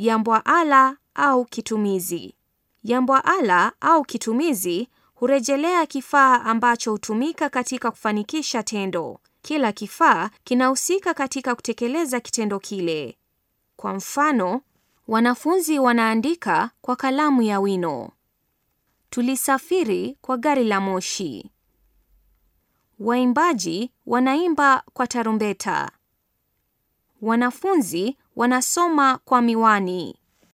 Yambwaala au kitumizi. Yambwaala au kitumizi hurejelea kifaa ambacho hutumika katika kufanikisha tendo. Kila kifaa kinahusika katika kutekeleza kitendo kile. Kwa mfano, wanafunzi wanaandika kwa kalamu ya wino. Tulisafiri kwa gari la moshi. Waimbaji wanaimba kwa tarumbeta. Wanafunzi wanasoma kwa miwani.